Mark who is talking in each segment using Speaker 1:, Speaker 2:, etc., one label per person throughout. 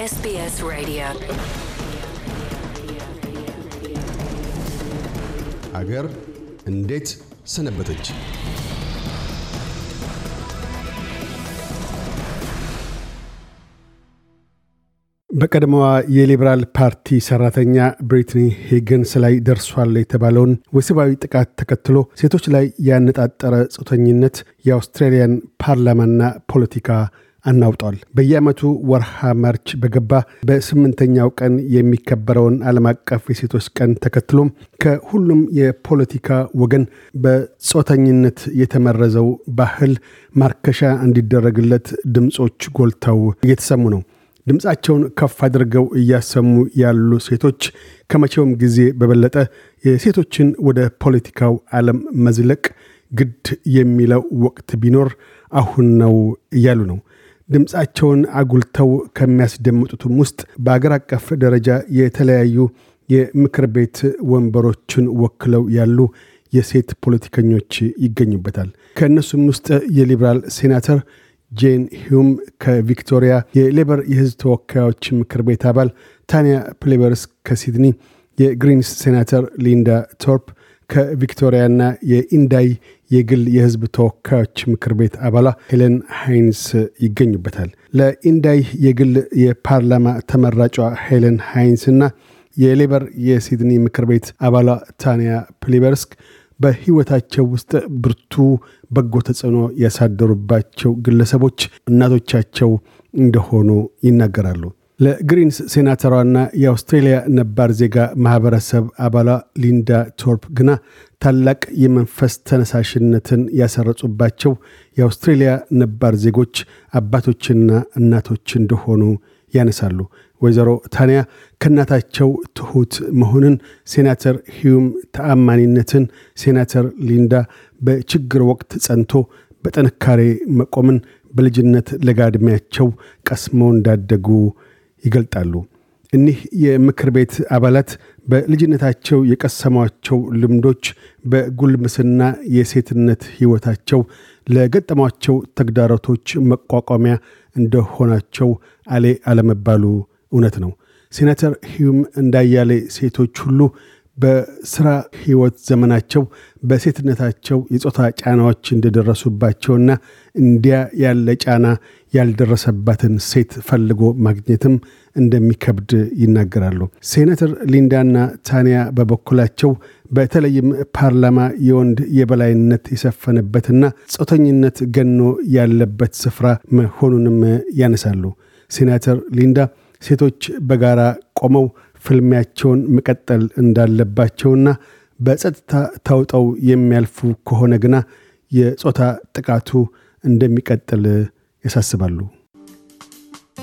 Speaker 1: SBS Radio አገር እንዴት ሰነበተች? በቀድሞዋ የሊበራል ፓርቲ ሰራተኛ ብሪትኒ ሂግንስ ላይ ደርሷል የተባለውን ወሲባዊ ጥቃት ተከትሎ ሴቶች ላይ ያነጣጠረ ጾተኝነት የአውስትራሊያን ፓርላማና ፖለቲካ አናውጧል። በየዓመቱ ወርሃ ማርች በገባ በስምንተኛው ቀን የሚከበረውን ዓለም አቀፍ የሴቶች ቀን ተከትሎም ከሁሉም የፖለቲካ ወገን በጾተኝነት የተመረዘው ባህል ማርከሻ እንዲደረግለት ድምፆች ጎልተው እየተሰሙ ነው። ድምፃቸውን ከፍ አድርገው እያሰሙ ያሉ ሴቶች ከመቼውም ጊዜ በበለጠ የሴቶችን ወደ ፖለቲካው ዓለም መዝለቅ ግድ የሚለው ወቅት ቢኖር አሁን ነው እያሉ ነው። ድምፃቸውን አጉልተው ከሚያስደምጡትም ውስጥ በአገር አቀፍ ደረጃ የተለያዩ የምክር ቤት ወንበሮችን ወክለው ያሉ የሴት ፖለቲከኞች ይገኙበታል። ከእነሱም ውስጥ የሊብራል ሴናተር ጄን ሂም ከቪክቶሪያ፣ የሌበር የህዝብ ተወካዮች ምክር ቤት አባል ታንያ ፕሌበርስ ከሲድኒ የግሪንስ ሴናተር ሊንዳ ቶርፕ ከቪክቶሪያና የኢንዳይ የግል የህዝብ ተወካዮች ምክር ቤት አባሏ ሄለን ሃይንስ ይገኙበታል። ለኢንዳይ የግል የፓርላማ ተመራጯ ሄለን ሃይንስ እና የሌበር የሲድኒ ምክር ቤት አባሏ ታንያ ፕሊበርስክ በህይወታቸው ውስጥ ብርቱ በጎ ተጽዕኖ ያሳደሩባቸው ግለሰቦች እናቶቻቸው እንደሆኑ ይናገራሉ። ለግሪንስ ሴናተሯና የአውስትሬልያ ነባር ዜጋ ማህበረሰብ አባሏ ሊንዳ ቶርፕ ግና ታላቅ የመንፈስ ተነሳሽነትን ያሰረጹባቸው የአውስትሬልያ ነባር ዜጎች አባቶችና እናቶች እንደሆኑ ያነሳሉ። ወይዘሮ ታንያ ከእናታቸው ትሑት መሆንን፣ ሴናተር ሂዩም ተአማኒነትን፣ ሴናተር ሊንዳ በችግር ወቅት ጸንቶ በጥንካሬ መቆምን በልጅነት ለጋድሚያቸው ቀስመው እንዳደጉ ይገልጣሉ። እኒህ የምክር ቤት አባላት በልጅነታቸው የቀሰሟቸው ልምዶች በጉልምስና የሴትነት ሕይወታቸው ለገጠሟቸው ተግዳሮቶች መቋቋሚያ እንደሆናቸው አሌ አለመባሉ እውነት ነው። ሴናተር ሂዩም እንዳያሌ ሴቶች ሁሉ በስራ ህይወት ዘመናቸው በሴትነታቸው የጾታ ጫናዎች እንደደረሱባቸውና እንዲያ ያለ ጫና ያልደረሰባትን ሴት ፈልጎ ማግኘትም እንደሚከብድ ይናገራሉ። ሴኔተር ሊንዳና ታንያ በበኩላቸው በተለይም ፓርላማ የወንድ የበላይነት የሰፈንበትና ጾተኝነት ገኖ ያለበት ስፍራ መሆኑንም ያነሳሉ። ሴናተር ሊንዳ ሴቶች በጋራ ቆመው ፍልሚያቸውን መቀጠል እንዳለባቸውና በጸጥታ ታውጠው የሚያልፉ ከሆነ ግና የጾታ ጥቃቱ እንደሚቀጥል ያሳስባሉ።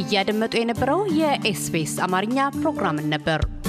Speaker 1: እያደመጡ የነበረው የኤስፔስ አማርኛ ፕሮግራምን ነበር።